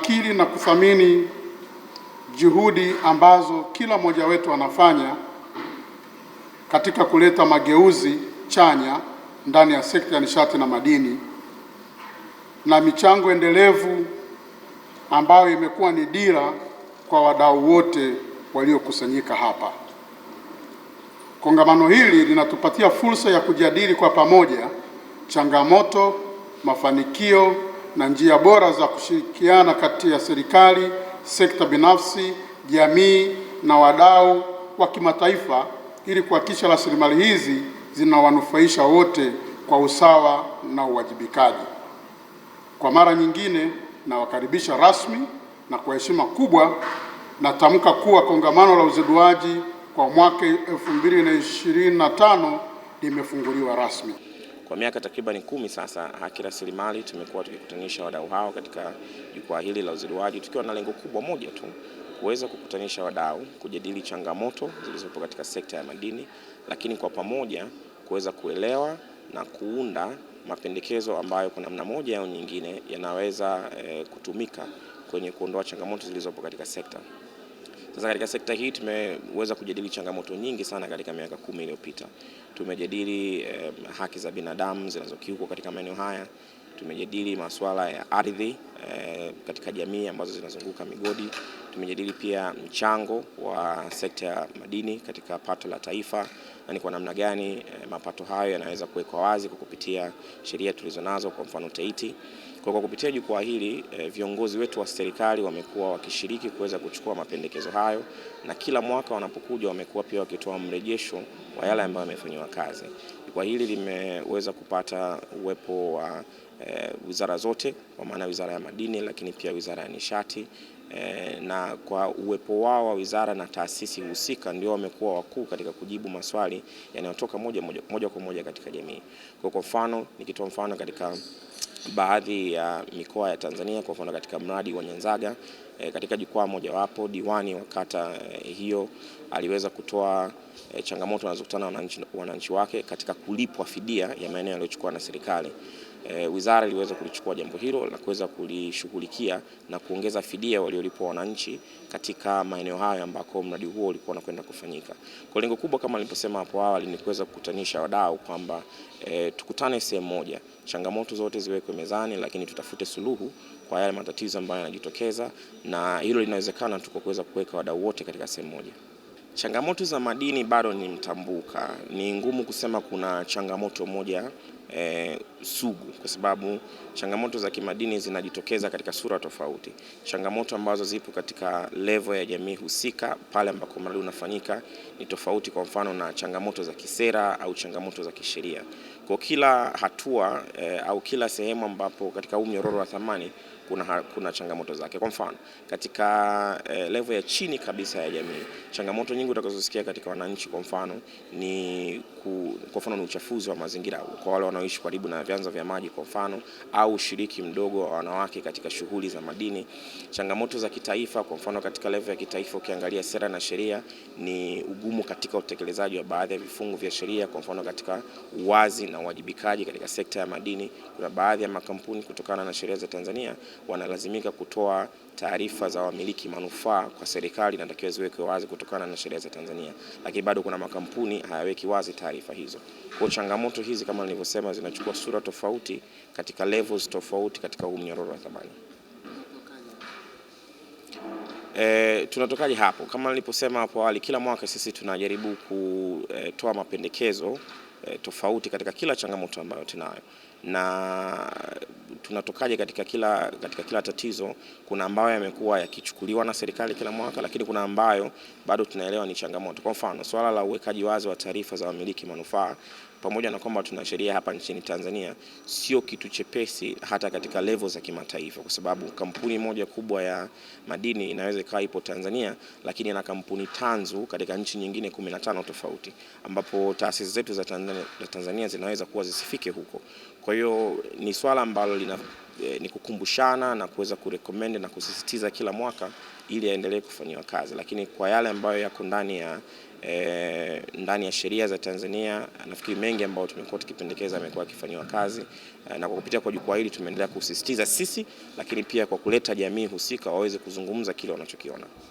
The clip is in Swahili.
Kiri na kuthamini juhudi ambazo kila mmoja wetu anafanya katika kuleta mageuzi chanya ndani ya sekta ya nishati na madini na michango endelevu ambayo imekuwa ni dira kwa wadau wote waliokusanyika hapa. Kongamano hili linatupatia fursa ya kujadili kwa pamoja changamoto, mafanikio na njia bora za kushirikiana kati ya serikali, sekta binafsi, jamii na wadau wa kimataifa ili kuhakikisha rasilimali hizi zinawanufaisha wote kwa usawa na uwajibikaji. Kwa mara nyingine, nawakaribisha rasmi na kwa heshima kubwa natamka kuwa kongamano la uziduaji kwa mwaka 2025 limefunguliwa rasmi. Kwa miaka takriban kumi sasa, Haki Rasilimali tumekuwa tukikutanisha wadau hao katika jukwaa hili la uzinduaji, tukiwa na lengo kubwa moja tu, kuweza kukutanisha wadau kujadili changamoto zilizopo katika sekta ya madini, lakini kwa pamoja kuweza kuelewa na kuunda mapendekezo ambayo kwa namna moja au nyingine yanaweza e, kutumika kwenye kuondoa changamoto zilizopo katika sekta. Sasa katika sekta hii tumeweza kujadili changamoto nyingi sana katika miaka kumi iliyopita. Tumejadili eh, haki za binadamu zinazokiukwa katika maeneo haya. Tumejadili masuala ya ardhi eh, katika jamii ambazo zinazunguka migodi. Tumejadili pia mchango wa sekta ya madini katika pato la taifa na ni kwa namna gani eh, mapato hayo yanaweza kuwekwa wazi kwa kupitia sheria tulizonazo, kwa mfano TEITI. Kwa kupitia jukwaa hili e, viongozi wetu wa serikali wamekuwa wakishiriki kuweza kuchukua mapendekezo hayo, na kila mwaka wanapokuja wamekuwa pia wakitoa mrejesho wa yale ambayo yamefanywa kazi. Jukwaa hili limeweza kupata uwepo wa e, wizara zote kwa maana wizara ya madini, lakini pia wizara ya nishati e, na kwa uwepo wao wa wizara na taasisi husika ndio wamekuwa wakuu katika kujibu maswali yanayotoka moja, moja, moja kwa moja katika jamii. Kwa mfano nikitoa mfano katika baadhi ya mikoa ya Tanzania, kwa mfano katika mradi wa Nyanzaga e, katika jukwaa mojawapo diwani wa kata e, hiyo aliweza kutoa e, changamoto wanazokutana wananchi, wananchi wake katika kulipwa fidia ya maeneo yaliyochukua na serikali. E, wizara iliweza kulichukua jambo hilo na kuweza kulishughulikia na kuongeza fidia waliolipwa wananchi katika maeneo hayo ambako mradi huo ulikuwa unakwenda kufanyika. Kwa lengo kubwa kama nilivyosema hapo awali ni kuweza kukutanisha wadau kwamba e, tukutane sehemu moja, changamoto zote ziwekwe mezani, lakini tutafute suluhu kwa yale matatizo ambayo yanajitokeza, na hilo linawezekana tu kwa kuweza kuweka wadau wote katika sehemu moja. Changamoto za madini bado ni mtambuka, ni ngumu kusema kuna changamoto moja e, sugu kwa sababu changamoto za kimadini zinajitokeza katika sura tofauti. Changamoto ambazo zipo katika levo ya jamii husika pale ambako mradi unafanyika ni tofauti, kwa mfano na changamoto za kisera au changamoto za kisheria. Kwa kila hatua e, au kila sehemu ambapo katika huu mnyororo wa thamani kuna, kuna changamoto zake. Kwa mfano katika eh, level ya chini kabisa ya jamii, changamoto nyingi utakazosikia katika wananchi kwa mfano ni ku, kwa mfano ni uchafuzi wa mazingira kwa wale wanaoishi karibu na vyanzo vya maji kwa mfano, au ushiriki mdogo wa wanawake katika shughuli za madini. Changamoto za kitaifa kwa mfano katika level ya kitaifa, ukiangalia sera na sheria, ni ugumu katika utekelezaji wa baadhi ya vifungu vya sheria, kwa mfano katika uwazi na uwajibikaji katika sekta ya madini. Kuna baadhi ya makampuni kutokana na sheria za Tanzania wanalazimika kutoa taarifa za wamiliki manufaa kwa serikali, natakiwa ziwekwe wazi kutokana na sheria za Tanzania, lakini bado kuna makampuni hayaweki wazi taarifa hizo. Kwa changamoto hizi kama nilivyosema, zinachukua sura tofauti katika levels tofauti katika huu mnyororo wa thamani. E, tunatokaje hapo? Kama niliposema hapo awali, kila mwaka sisi tunajaribu kutoa mapendekezo e, tofauti katika kila changamoto ambayo tunayo na tunatokaje katika kila, katika kila tatizo. Kuna ambayo yamekuwa yakichukuliwa na serikali kila mwaka, lakini kuna ambayo bado tunaelewa ni changamoto. Kwa mfano, swala la uwekaji wazi wa taarifa za wamiliki manufaa pamoja na kwamba tuna sheria hapa nchini Tanzania, sio kitu chepesi hata katika level za kimataifa, kwa sababu kampuni moja kubwa ya madini inaweza ikawa ipo Tanzania, lakini ina kampuni tanzu katika nchi nyingine 15 tofauti, ambapo taasisi zetu za Tanzania, Tanzania zinaweza kuwa zisifike huko. Kwa hiyo ni swala ambalo lina eh, ni kukumbushana na kuweza kurecommend na kusisitiza kila mwaka ili aendelee kufanyiwa kazi, lakini kwa yale ambayo yako ndani ya E, ndani ya sheria za Tanzania nafikiri mengi ambayo tumekuwa tukipendekeza amekuwa akifanyiwa kazi e, na kwa kupitia kwa jukwaa hili tumeendelea kusisitiza sisi, lakini pia kwa kuleta jamii husika waweze kuzungumza kile wanachokiona.